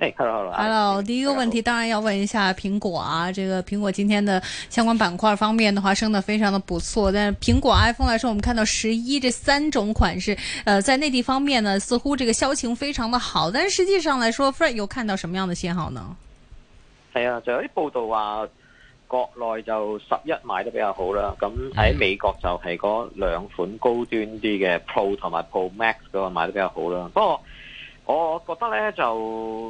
誒，hello，hello，第一個問題當然要問一下蘋果啊，這個蘋果今天的相關板塊方面的話升得非常的不錯，但係蘋果 iPhone 來說，我們看到十一這三種款式，呃，在內地方面呢，似乎這個銷情非常的好，但實際上來說 Fred 有看到什麼樣的信號呢？係、mm -hmm. 啊，就有啲報道話國內就十一賣得比較好啦，咁喺美國就係嗰兩款高端啲嘅 Pro 同埋 Pro Max 嗰個賣得比較好啦，不過。我覺得咧就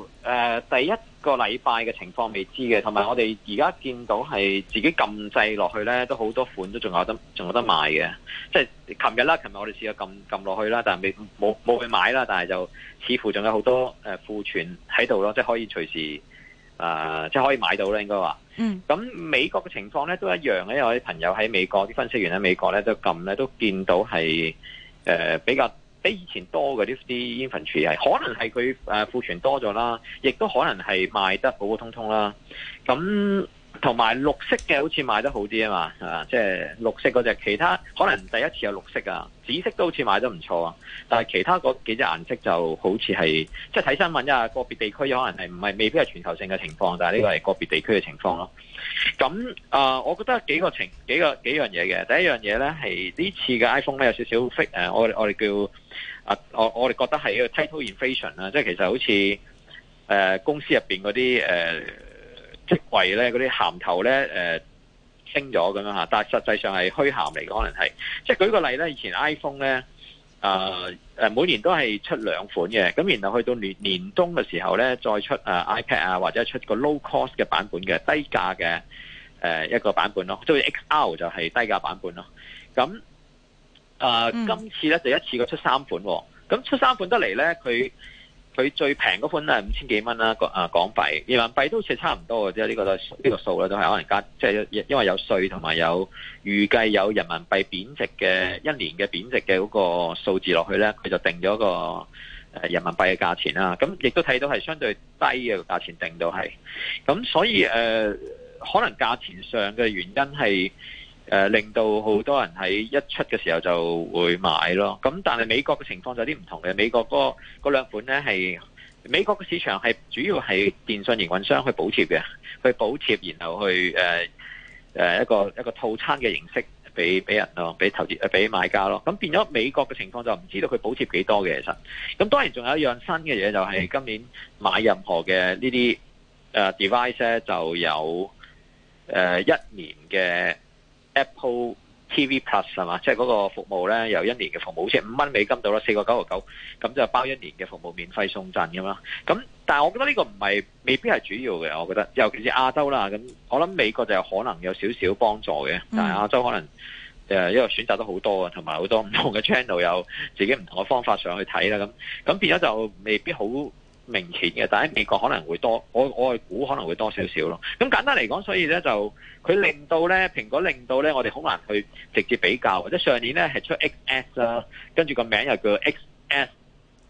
誒、呃、第一個禮拜嘅情況未知嘅，同埋我哋而家見到係自己撳制落去咧，都好多款都仲有得仲有得賣嘅。即係琴日啦，琴日我哋試過撳撳落去啦，但係未冇冇去買啦，但係就似乎仲有好多誒、呃、庫存喺度咯，即係可以隨時、呃、即係可以買到咧，應該話。嗯。咁美國嘅情況咧都一樣咧，因為我啲朋友喺美國啲分析員喺美國咧都撳咧都見到係誒、呃、比較。比以前多嘅啲 inventory 係，可能係佢誒庫存多咗啦，亦都可能係賣得普普通通啦，咁。同埋綠色嘅好似買得好啲啊嘛，即係綠色嗰隻，其他可能第一次有綠色啊，紫色都好似買得唔錯啊，但係其他嗰幾隻顏色就好似係即係睇新聞啫，個別地區可能係唔係未必係全球性嘅情況，但係呢個係個別地區嘅情況咯。咁啊、呃，我覺得幾個情幾個幾樣嘢嘅，第一樣嘢咧係呢次嘅 iPhone 咧有少少息誒，我我哋叫啊、呃、我我哋覺得係一個 title inflation 啦，即係其實好似誒、呃、公司入面嗰啲職位咧，嗰啲銜頭咧，誒升咗咁樣吓，但係實際上係虛銜嚟嘅，可能係即係舉個例咧，以前 iPhone 咧，誒、呃、誒，每年都係出兩款嘅，咁然後去到年年冬嘅時候咧，再出誒、呃、iPad 啊，或者出個 low cost 嘅版本嘅，低價嘅誒一個版本咯，即係 XR 就係低價版本咯，咁誒、呃嗯、今次咧就一次過出三款，咁出三款得嚟咧佢。佢最平嗰款咧係五千幾蚊啦，港啊港幣，人民幣好、這個這個這個、都好似差唔多嘅啫。呢個呢個數咧都係可能加，即係因因為有稅同埋有預計有人民幣貶值嘅、嗯、一年嘅貶值嘅嗰個數字落去咧，佢就定咗個誒、呃、人民幣嘅價錢啦。咁亦都睇到係相對低嘅價錢定到係，咁所以誒、呃、可能價錢上嘅原因係。誒，令到好多人喺一出嘅時候就會買咯。咁但係美國嘅情況就有啲唔同嘅。美國嗰嗰兩款呢，係美國嘅市場係主要係電信營運商去補貼嘅，去補貼然後去誒誒、呃、一個一個套餐嘅形式俾俾人咯，俾投資俾買家咯。咁變咗美國嘅情況就唔知道佢補貼幾多嘅其實。咁當然仲有一樣新嘅嘢就係今年買任何嘅呢啲誒 device 呢，就有誒、呃、一年嘅。Apple TV Plus 係嘛，即係嗰個服務咧，由一年嘅服務，好似五蚊美金到啦，四個九個九，咁就包一年嘅服務，免費送贈咁咯。咁但係我覺得呢個唔係，未必係主要嘅。我覺得，尤其是亞洲啦，咁我諗美國就可能有少少幫助嘅，但係亞洲可能誒、嗯，因為選擇都好多啊，同埋好多唔同嘅 channel 有自己唔同嘅方法上去睇啦，咁咁變咗就未必好，明顯嘅，但喺美國可能會多，我我係估可能會多少少咯。咁簡單嚟講，所以咧就佢令到咧蘋果令到咧，我哋好難去直接比較，或者上年咧係出 XS 啦、啊，跟住個名又叫 XS。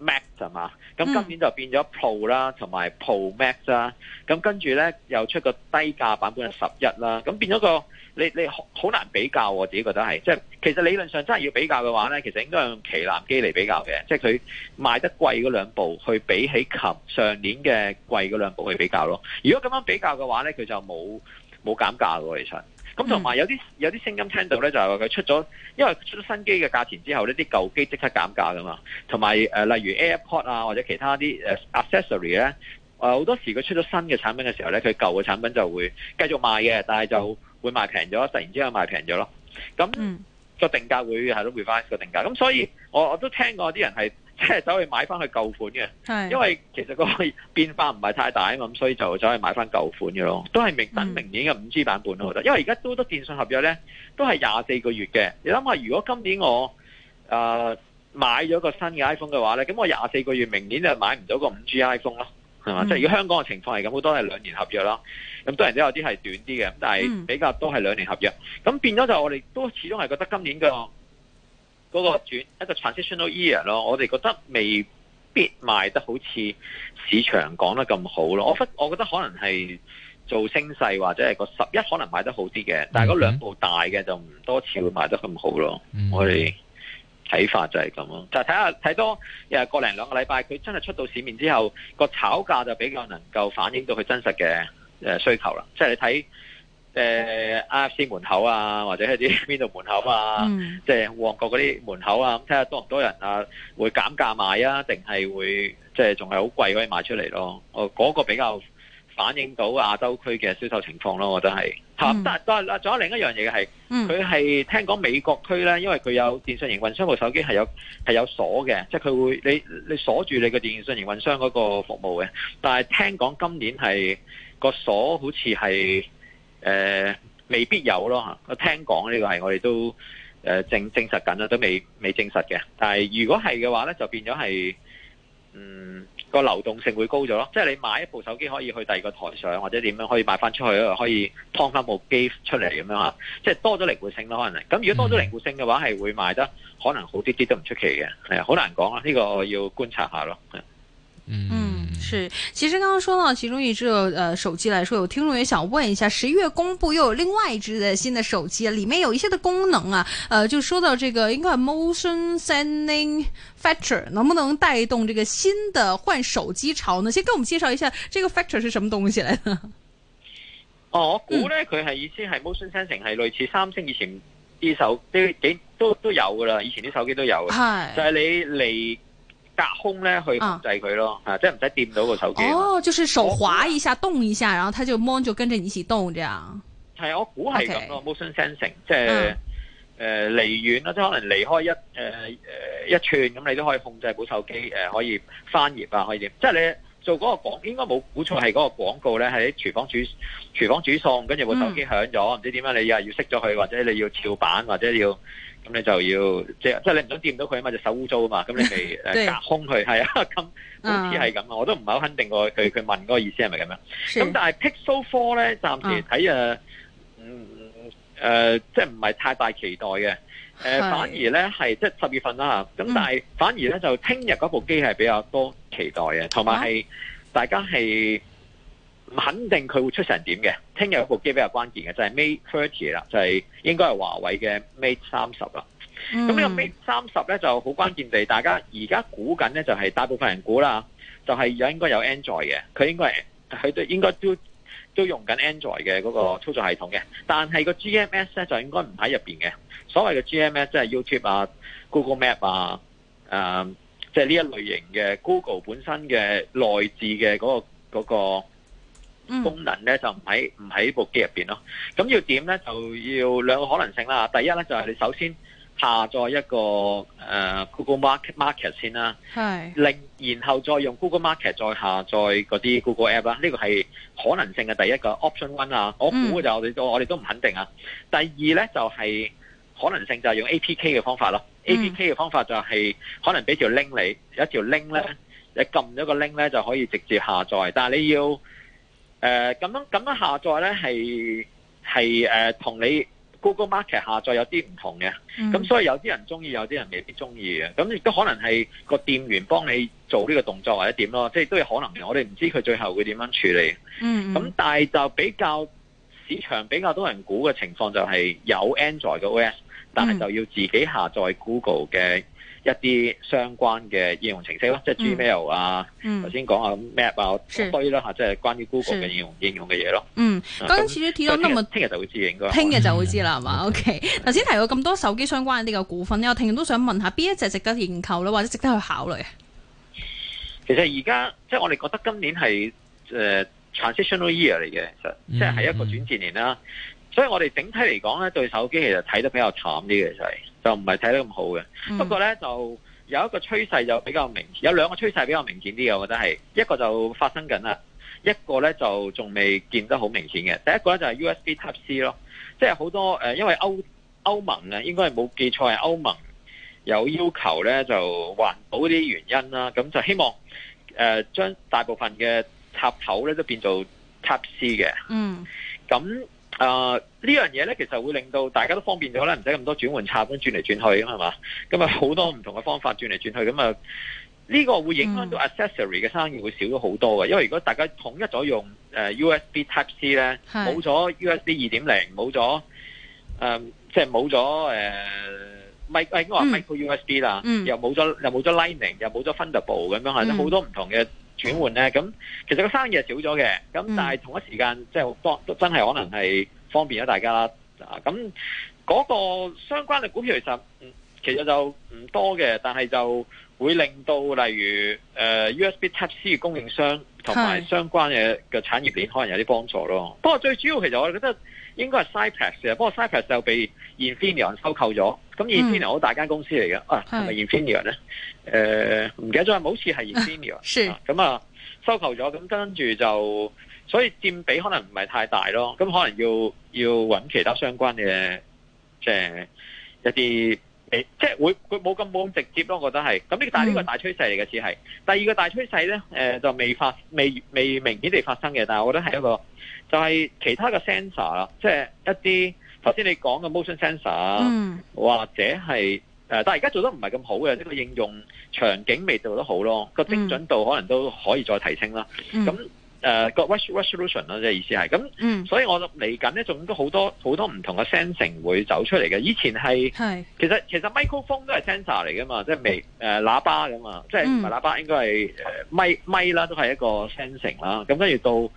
Mac 啫嘛，咁今年就變咗 Pro 啦，同埋 Pro Max 啦，咁跟住咧又出個低價版本嘅十一啦，咁變咗個你你好難比較，啊，喎。自己覺得係，即係其實理論上真係要比較嘅話咧，其實應該用旗艦機嚟比較嘅，即係佢賣得貴嗰兩部去比起琴上年嘅貴嗰兩部去比較咯。如果咁樣比較嘅話咧，佢就冇冇減價嘅喎，其實。咁同埋有啲有啲聲音聽到咧，就係話佢出咗，因為出咗新機嘅價錢之後呢，啲舊機即刻減價噶嘛。同埋、呃、例如 AirPod 啊或者其他啲 accessory 咧，呃、好多時佢出咗新嘅產品嘅時候咧，佢舊嘅產品就會繼續賣嘅，但係就會賣平咗，突然之間賣平咗咯。咁、嗯、個定價會係都 revise 個定價。咁、嗯、所以我我都聽過啲人係。即係走去買翻佢舊款嘅，因為其實個變化唔係太大，咁所以就走去買翻舊款嘅咯，都係明等明年嘅五 G 版本咯，我覺得。因為而家都多電信合約呢，都係廿四個月嘅。你諗下，如果今年我誒、呃、買咗個新嘅 iPhone 嘅話呢，咁我廿四個月，明年就買唔到個五 G iPhone 咯，係、嗯、嘛？即係如果香港嘅情況係咁，好多係兩年合約咯。咁當然都有啲係短啲嘅，咁但係比較都係兩年合約。咁變咗就我哋都始終係覺得今年嘅。嗰、那個轉一個 transitional year 咯，我哋覺得未必賣得好似市場講得咁好咯。我我覺得可能係做聲勢或者係個十一可能賣得好啲嘅，但係嗰兩部大嘅就唔多次會賣得咁好咯。我哋睇法就係咁咯，就睇下睇多係個零兩個禮拜，佢真係出到市面之後，個炒價就比較能夠反映到佢真實嘅誒需求啦。即係你睇。誒、呃、，I、嗯、F C 門口啊，或者喺啲邊度門口啊，即、嗯、係、就是、旺角嗰啲門口啊，咁睇下多唔多人啊，會減價賣啊，定係會即係仲係好貴嗰啲賣出嚟咯？哦、呃，嗰、那個比較反映到亞洲區嘅銷售情況咯，我覺得係。吓、啊嗯，但係都係啦。仲有另一樣嘢嘅係，佢係聽講美國區咧，因為佢有電信營運商部手機係有係有鎖嘅，即係佢會你你鎖住你個電信營運商嗰個服務嘅。但係聽講今年係、那個鎖好似係。誒、呃，未必有咯吓，聽，我聽講呢個係我哋都誒、呃、證證實緊啦，都未未證實嘅。但係如果係嘅話咧，就變咗係，嗯，個流動性會高咗咯。即係你買一部手機可以去第二個台上，或者點樣可以賣翻出去，可以劏翻部機出嚟，咁樣吓。即係多咗靈活性咯，可能。咁如果多咗靈活性嘅話，係會賣得可能好啲啲都唔出奇嘅。係好難講啦，呢、這個我要觀察下咯。嗯。是，其實剛剛說到其中一隻呃手機來說，有聽眾也想問一下，十一月公布又有另外一隻的新的手機，裏面有一些的功能啊，呃，就說到這個應該係 motion sensing factor 能不能帶動這個新的換手機潮呢？先給我們介紹一下這個 factor 是什麼東西來的？哦，我估呢，佢係意思係 motion sensing 係類似三星以前啲手機幾都都有噶啦，以前啲手機都有嘅，係就係、是、你嚟。你隔空咧去控制佢咯，啊，啊即係唔使掂到個手機。哦，就是手滑一下，哦、動一下，然後它就 motion 就跟住你一起動，這樣。係，我估係咁咯。Okay, motion sensing 即係誒離遠啦，即係可能離開一誒誒、呃、一寸，咁你都可以控制部手機誒、呃、可以翻頁啊，可以點。即係你做嗰個廣，應該冇估錯，係嗰個廣告咧喺、嗯、廚房煮廚房煮餸，跟住部手機響咗，唔、嗯、知點樣，你又要熄咗佢，或者你要跳板，或者你要。咁你就要即係即係你唔想掂到佢啊嘛，就手污糟啊嘛，咁你咪 隔空佢係啊，咁、嗯、好似係咁啊，我都唔係好肯定過佢佢問嗰個意思係咪咁樣。咁但係 Pixel Four 咧，暫時睇啊，嗯誒、嗯呃，即係唔係太大期待嘅、呃、反而咧係即十月份啦，咁但係反而咧就聽日嗰部機係比較多期待嘅，同埋係大家係。唔肯定佢會出成點嘅，聽日嗰部機比較關鍵嘅，就係 Mate 三十啦，就係、是、應該係華為嘅 Mate 三十啦。咁、嗯、呢個 Mate 三十咧就好關鍵地，大家而家估緊咧就係、是、大部分人估啦，就係、是、有應該有 Android 嘅，佢應該佢都應該都都用緊 Android 嘅嗰個操作系統嘅。但係個 GMS 咧就應該唔喺入邊嘅。所謂嘅 GMS 即係 YouTube 啊、Google Map 啊、誒、嗯，即係呢一類型嘅 Google 本身嘅內置嘅嗰個嗰個。那個嗯、功能咧就唔喺唔喺部機入邊咯。咁要點咧就要兩個可能性啦。第一咧就係、是、你首先下載一個誒、呃、Google Market Market 先啦，另然後再用 Google Market 再下載嗰啲 Google App 啦。呢、呢個係可能性嘅第一個 option one 啦。我估嘅就我哋、嗯、我哋都唔肯定啊。第二咧就係、是、可能性就係用 APK 嘅方法咯、嗯。APK 嘅方法就係可能俾條 link，條 link、嗯、你，有一條 link 咧你撳咗個 link 咧就可以直接下載，但係你要。誒、呃，咁樣咁樣下載呢係係誒、同、呃、你 Google Market 下載有啲唔同嘅。咁、嗯、所以有啲人中意，有啲人未必中意嘅，咁亦都可能係個店員幫你做呢個動作，或者點咯，即係都有可能嘅。我哋唔知佢最後會點樣處理。咁、嗯嗯、但係就比較市場比較多人估嘅情況就係有 Android 嘅 OS，但係就要自己下載 Google 嘅。一啲相關嘅應用程式咯，即係 Gmail 啊，頭先講下，Map 啊，一堆啦即係關於 Google 嘅應用應用嘅嘢咯。嗯，跟住啲睇到咁聽日就會知應該。聽日就會知啦，係嘛？OK，頭先提到咁多手機相關嘅啲嘅股份咧，我聽日都想問下，邊一隻值得研究啦或者值得去考慮啊？其實而家即係我哋覺得今年係 transitional year 嚟嘅，即係係一個轉折年啦。所以我哋整體嚟講咧，對手機其實睇得比較慘啲嘅就係。就唔係睇得咁好嘅，不過呢，就有一個趨勢就比較明，有兩個趨勢比較明顯啲嘅，我覺得係一個就發生緊啦，一個呢，就仲未見得好明顯嘅。第一個呢，就係 USB Type C 咯，即係好多誒、呃，因為歐歐盟咧，應該係冇記錯係歐盟有要求呢，就環保啲原因啦，咁就希望誒將、呃、大部分嘅插頭呢，都變做 Type C 嘅。嗯，咁。啊、uh，呢樣嘢咧，其實會令到大家都方便咗，可能唔使咁多轉換插，咁轉嚟轉去咁係嘛？咁啊好多唔同嘅方法轉嚟轉去，咁啊呢個會影響到 accessory 嘅生意會少咗好多嘅，因為如果大家統一咗用 USB Type C 咧，冇咗 USB 二點零，冇咗誒即係冇咗誒 micro USB 啦、嗯，又冇咗又冇咗 Lightning，又冇咗 Thunderbolt 咁樣，或者好多唔同嘅。轉換咧，咁其實個生意係少咗嘅，咁但係同一時間即係好方，真係可能係方便咗大家啦。咁嗰個相關嘅股票其實其實就唔多嘅，但係就會令到例如誒 USB Type C 嘅供應商同埋相關嘅嘅產業鏈可能有啲幫助咯。不過最主要其實我哋覺得。應該係 Cypress 嘅，不過 Cypress 就被 Infineon 收購咗。咁 Infineon 好大間公司嚟嘅、mm. 啊呃， 啊係咪 Infineon 咧？誒唔記得咗，好似係 Infineon 咁啊，收購咗，咁跟住就所以佔比可能唔係太大咯。咁可能要要揾其他相關嘅、呃欸，即係一啲誒，即係會佢冇咁冇咁直接咯。我覺得係。咁呢個但係呢個大趨勢嚟嘅，只係第二個大趨勢咧。誒、呃、就未發、未未明顯地發生嘅，但係我覺得係一個。Mm. 就係、是、其他嘅 sensor 啦，即係一啲頭先你講嘅 motion sensor 啊、嗯，或者係、呃、但係而家做得唔係咁好嘅，即係個應用場景未做得好咯，個、嗯、精準度可能都可以再提升啦。咁、嗯、誒、呃、個 resolution 啦，即係意思係咁、嗯，所以我嚟緊咧仲都好多好多唔同嘅 sensor 會走出嚟嘅。以前係其實其實 microphone 都係 sensor 嚟嘅嘛，即、就、係、是微呃、喇叭咁嘛，嗯、即係唔係喇叭應該係誒咪咪啦，都係一個 sensor 啦。咁跟住到。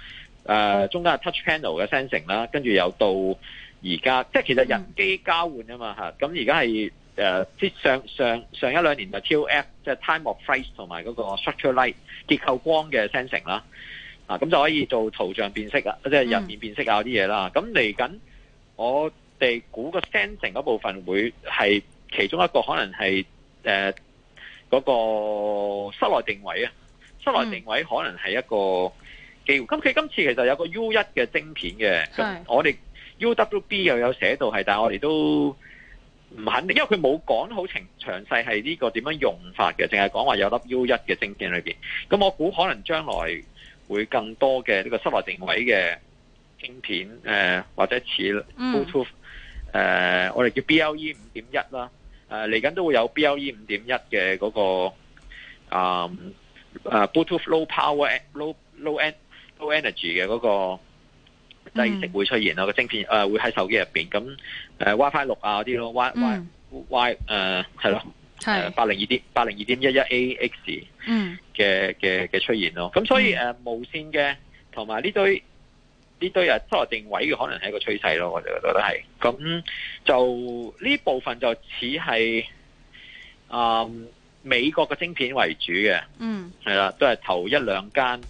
誒、uh, 中間係 touch panel 嘅 sensing 啦，跟住又到而家，即係其實人機交換啊嘛吓，咁而家係誒上上上一兩年 TOF, 就 TOF，即係 time of flight 同埋嗰個 structure light 結構光嘅 sensing 啦。啊，咁就可以做圖像辨識啊，即係人面辨識啊啲嘢啦。咁嚟緊我哋估個 sensing 嗰部分會係其中一個可能係誒嗰個室內定位啊，室內定位可能係一個。嗯機會，咁佢今次其實有個 U 一嘅晶片嘅，咁我哋 UWB 又有寫到係，但係我哋都唔肯定，因為佢冇講好情詳細係呢個點樣用法嘅，淨係講話有粒 U 一嘅晶片裏面，咁我估可能將來會更多嘅呢個室內定位嘅晶片，誒、呃、或者似 Bluetooth，、嗯呃、我哋叫 BLE 五1一啦，誒嚟緊都會有 BLE 五1一嘅嗰個，嗯、uh, Bluetooth low power low low end。l、no、energy 嘅嗰、那個低息、就是、會出現咯，個、嗯、芯片誒、呃、會喺手機入邊咁誒 WiFi 六啊嗰啲咯，WiFi WiFi 誒係咯，係八零二點八零二點一一 AX 嗯嘅嘅嘅出現咯，咁所以誒、呃、無線嘅同埋呢堆呢堆啊多台定位嘅可能係一個趨勢咯，我哋覺得係咁，就呢部分就似係誒美國嘅芯片為主嘅，嗯係啦，都係頭一兩間。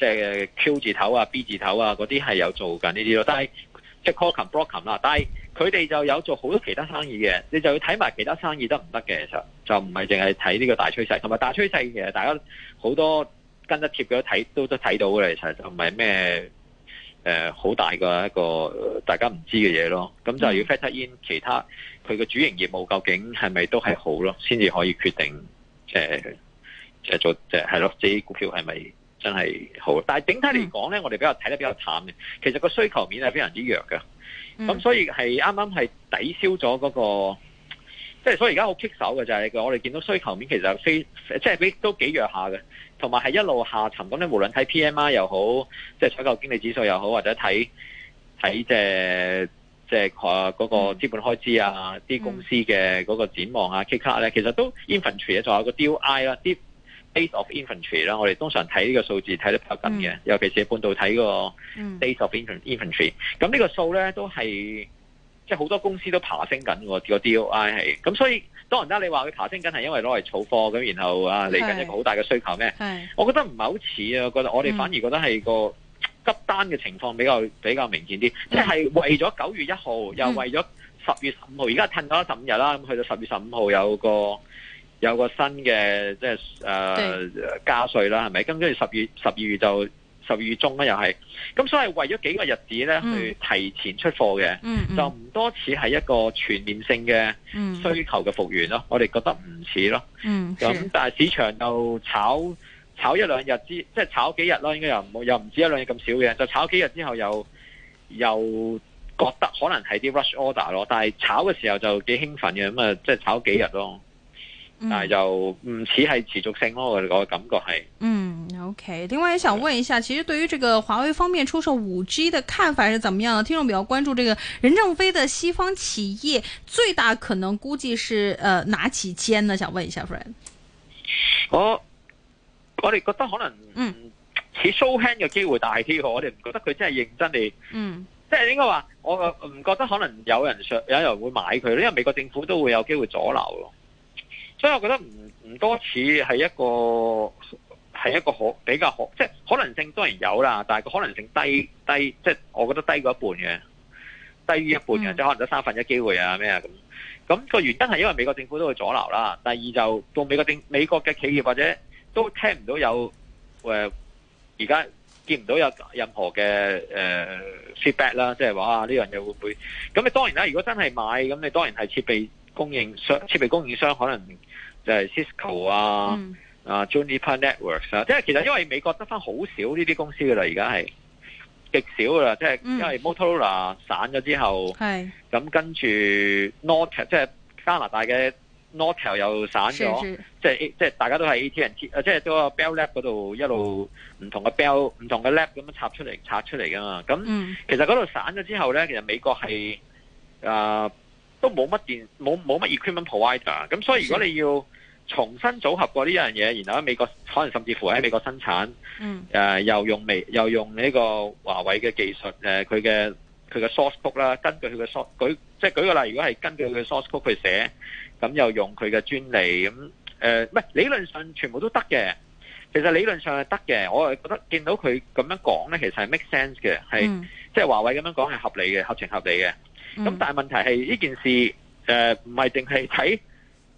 即、就、係、是、Q 字頭啊、B 字頭啊嗰啲係有做緊呢啲咯，但係即係 Qualcomm、Broadcom 啦。但係佢哋就有做好多其他生意嘅，你就要睇埋其他生意得唔得嘅。其實就唔係淨係睇呢個大趨勢，同埋大趨勢其實大家好多跟得貼嘅都睇都都睇到嘅，其實就唔係咩誒好大嘅一個大家唔知嘅嘢咯。咁就要 factor in、嗯、其他佢嘅主營業務究竟係咪都係好咯，先至可以決定即係即係做即係係咯，自己股票係咪？真係好，但係整體嚟講咧，我哋比較睇得比較淡嘅。其實個需求面係非常之弱嘅，咁、嗯、所以係啱啱係抵消咗嗰、那個，即係所以而家好棘手嘅就係、是、我哋見到需求面其實非即係、就是、都幾弱下嘅，同埋係一路下沉。咁咧，無論睇 P M I 又好，即係採購經理指數又好，或者睇睇即係即係嗰個資本開支啊，啲公司嘅嗰個展望啊、嗯、，K K 咧，其實都 inventory 仲有個 D I 啦，啲。Days of inventory 啦，我哋通常睇呢個數字睇得比較緊嘅、嗯，尤其是半導體、嗯、inventory, 個 days of inventory。咁呢個數咧都係即係好多公司都爬升緊、這個 DOI 係。咁所以當然啦，你話佢爬升緊係因為攞嚟儲貨咁，然後啊嚟緊一個好大嘅需求咩？係，我覺得唔係好似啊，我覺得我哋反而覺得係個急單嘅情況比較比較明顯啲，即、就、係、是、為咗九月一號又為咗十月十五號，而家褪咗十五日啦，咁去到十月十五號有個。有個新嘅即係誒加稅啦，係咪？咁跟住十月十二月就十二月中啦，啊，又係。咁所以為咗幾個日子咧，嗯、去提前出貨嘅，嗯嗯，就唔多似係一個全面性嘅需求嘅復原咯。嗯，我哋覺得唔似咯。咁，嗯，但係市場又炒炒一兩日之，即係炒幾日咯。應該又又唔止一兩日咁少嘅，就炒幾日之後又又覺得可能係啲 rush order 咯。但係炒嘅時候就幾興奮嘅，咁啊即係炒幾日咯。嗯但、嗯啊、又唔似係持續性咯，我、那、哋、個、感覺係。嗯，OK。另外，也想問一下、嗯，其實對於這個華為方面出售五 G 的看法是怎麼樣呢？聽眾比較關注這個任正非的西方企業最大可能估計是，呃，哪幾間呢？想問一下，friend。我我哋覺得可能，嗯，似 show hand 嘅機會大啲，我哋唔覺得佢真係認真地，嗯，即係應該話，我唔覺得可能有人說有人會買佢，因為美國政府都會有機會阻撓咯。所以我覺得唔唔多似係一個係一個比較好，即可能性當然有啦，但係個可能性低低，即我覺得低過一半嘅，低於一半嘅、嗯，即可能得三分一機會啊咩啊咁。咁、那個原因係因為美國政府都會阻撓啦。第二就到美國政美國嘅企業或者都聽唔到有誒，而、呃、家見唔到有任何嘅、呃、feedback 啦，即係話啊呢樣嘢會唔會咁？你當然啦，如果真係買咁，你當然係設備供應商，設備供應商可能。就係、是、Cisco 啊，嗯、啊 Juniper Networks 啊，即、就、係、是、其實因為美國得返好少呢啲公司噶啦，而家係極少噶啦，即、就、係、是、因為 Motorola 散咗之後，咁、嗯、跟住 Nortel 即係加拿大嘅 Nortel 又散咗，即係即係大家都喺 AT&T，即係都係 Bell Lab 嗰度一路唔同嘅 Bell 唔同嘅 Lab 咁插出嚟插出嚟噶嘛，咁、嗯、其實嗰度散咗之後咧，其實美國係啊。都冇乜電，冇冇乜 equipment provider。咁所以如果你要重新組合過呢樣嘢，然後喺美國可能甚至乎喺美國生產，嗯呃、又用微又用呢個華為嘅技術，誒佢嘅佢嘅 source code 啦，根據佢嘅 source，舉，即係舉個例，如果係根據佢嘅 source code 去寫，咁、嗯、又用佢嘅專利，咁誒唔係理論上全部都得嘅。其實理論上係得嘅，我係覺得見到佢咁樣講咧，其實係 make sense 嘅，係即係華為咁樣講係合理嘅，合情合理嘅。咁但係問題係呢件事誒，唔係淨係睇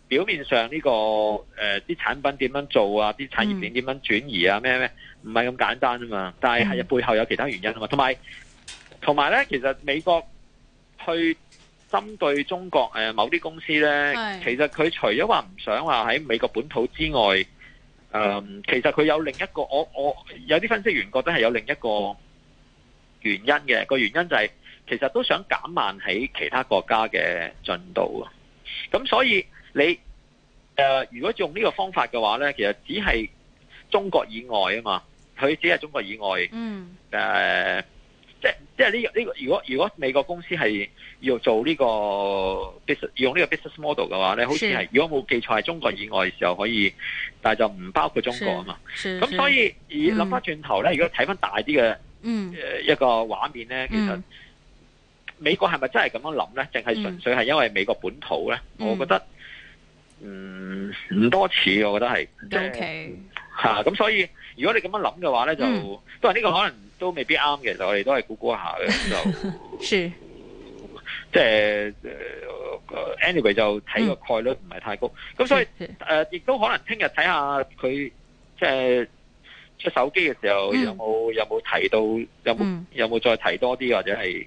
表面上呢個誒啲產品點樣做啊，啲產業鏈點樣轉移啊咩咩，唔係咁簡單啊嘛，但係係背後有其他原因啊嘛，同埋同埋咧其實美國去針對中國誒某啲公司咧，其實佢除咗話唔想話喺美國本土之外，誒其實佢有另一個，我我有啲分析員覺得係有另一個原因嘅，個原因就係。其實都想減慢喺其他國家嘅進度啊，咁所以你誒、呃，如果用呢個方法嘅話咧，其實只係中國以外啊嘛，佢只係中國以外，嗯，誒、呃，即係即係呢個呢個。如果如果美國公司係要做呢個 business 用呢個 business model 嘅話咧，你好似係如果冇記錯係中國以外嘅時候可以，但係就唔包括中國啊嘛，咁所以而諗翻轉頭咧、嗯，如果睇翻大啲嘅，嗯，一個畫面咧，其實。美國係咪真係咁樣諗呢？淨係純粹係因為美國本土呢，嗯、我覺得，嗯，唔多似，我覺得係。O K. 吓、咁所以如果你咁樣諗嘅話呢，就都係呢個可能都未必啱嘅。其實我哋都係估估下嘅，就即係 就是、anyway 就睇個概率唔係太高。咁、嗯、所以誒，亦、嗯呃、都可能聽日睇下佢即係出手機嘅時候、嗯、有冇有冇提到，有冇有冇、嗯、再提多啲，或者係。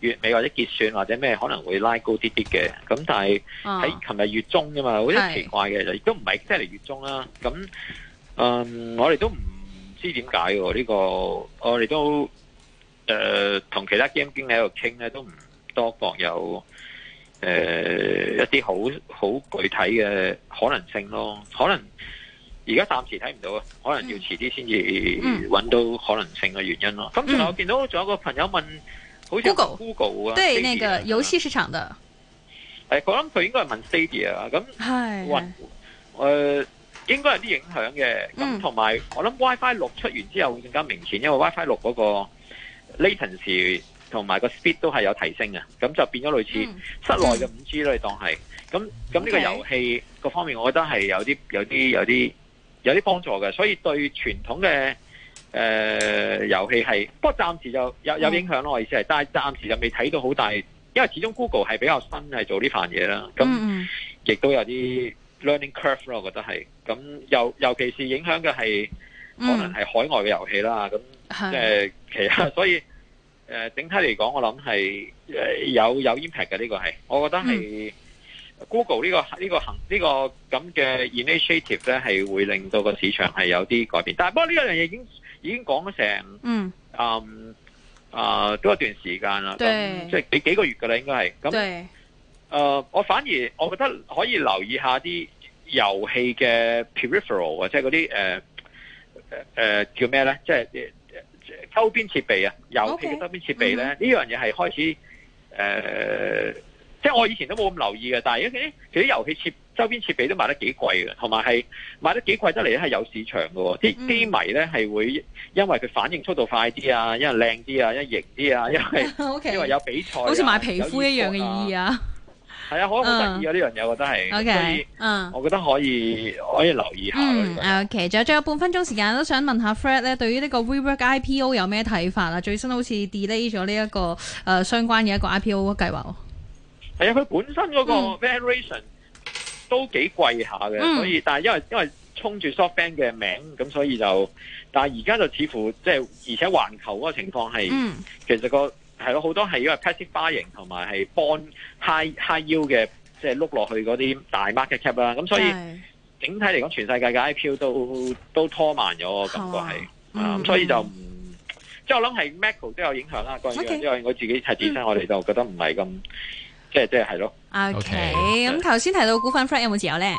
月尾或者結算或者咩可能會拉高啲啲嘅，咁但係喺琴日月中啫嘛，好、啊、啲奇怪嘅亦都唔係即係嚟月中啦。咁，嗯，我哋都唔知點解喎呢個，我哋都誒同、呃、其他基金經理喺度傾咧，都唔多覺有誒、呃、一啲好好具體嘅可能性咯。可能而家暫時睇唔到，可能要遲啲先至揾到可能性嘅原因咯。咁另外我見到仲有一個朋友問。Google，好似 Google 啊，對那個遊戲市場的。哎、我諗佢應該係問 Stadia 啊，咁，係、呃，應該有啲影響嘅。咁同埋，我諗 WiFi 六出完之後會更加明顯，因為 WiFi 六嗰個 latency 同埋個 speed 都係有提升嘅。咁就變咗類似室內嘅五 G 咯，你當係。咁咁呢個遊戲各方面，我覺得係有啲、okay。有啲有啲有啲幫助嘅，所以對傳統嘅。誒、呃，遊戲係，不過暫時就有有影響咯、嗯，我意思係，但係暫時就未睇到好大，因為始終 Google 係比較新，係做呢番嘢啦，咁亦、嗯、都有啲 learning curve 咯、嗯呃呃呃這個，我覺得係，咁尤尤其是影響嘅係，可能係海外嘅遊戲啦，咁即係其實，所以誒整體嚟講，我諗係有有 impact 嘅呢個係，我覺得係 Google 呢個呢個行呢個咁嘅 initiative 咧，係會令到個市場係有啲改變，但係不過呢樣嘢已經。已經講咗成嗯，嗯啊、呃，都一段時間啦，咁即係幾幾個月噶啦，應該係咁。誒、呃，我反而我覺得可以留意下啲遊戲嘅 peripheral 或者係嗰啲誒誒叫咩咧，就是 okay, uh-huh. 呃？即係周邊設備啊，遊戲嘅周邊設備咧，呢樣嘢係開始誒，即係我以前都冇咁留意嘅，但係一啲嗰啲遊戲設周邊設備都賣得幾貴嘅，同埋係賣得幾貴得嚟咧，係有市場嘅。啲機迷咧係會因為佢反應速度快啲啊，因為靚啲啊，因為型啲啊，因為因為有比賽， 好似買皮膚、啊、一樣嘅意義啊。係 啊，好得 意啊！呢樣嘢我真係，所以嗯，我覺得可以可以留意下、啊。嗯，OK，仲有仲有半分鐘時間，都想問下 Fred 咧，對於呢個 WeWork IPO 有咩睇法啊？最新好似 delay 咗呢一個誒、呃、相關嘅一個 IPO 計劃哦。係啊，佢本身嗰個 valuation、嗯。都幾貴下嘅、嗯，所以但係因為因為衝住 SoftBank 嘅名，咁所以就，但係而家就似乎即係，而且環球嗰個情況係、嗯，其實個係咯好多係因為 passive buying 同埋係 bond high high yield 嘅，即係碌落去嗰啲大 market cap 啦，咁所以整體嚟講，全世界嘅 IPO 都都拖慢咗，我感覺係，啊咁、嗯、所以就唔、嗯，即係我諗係 macro 都有影響啦，個、okay, 因為我自己睇自身、嗯、我哋就覺得唔係咁。即係係咯。OK, okay.、嗯。咁頭先提到股份 plate 有冇持有咧？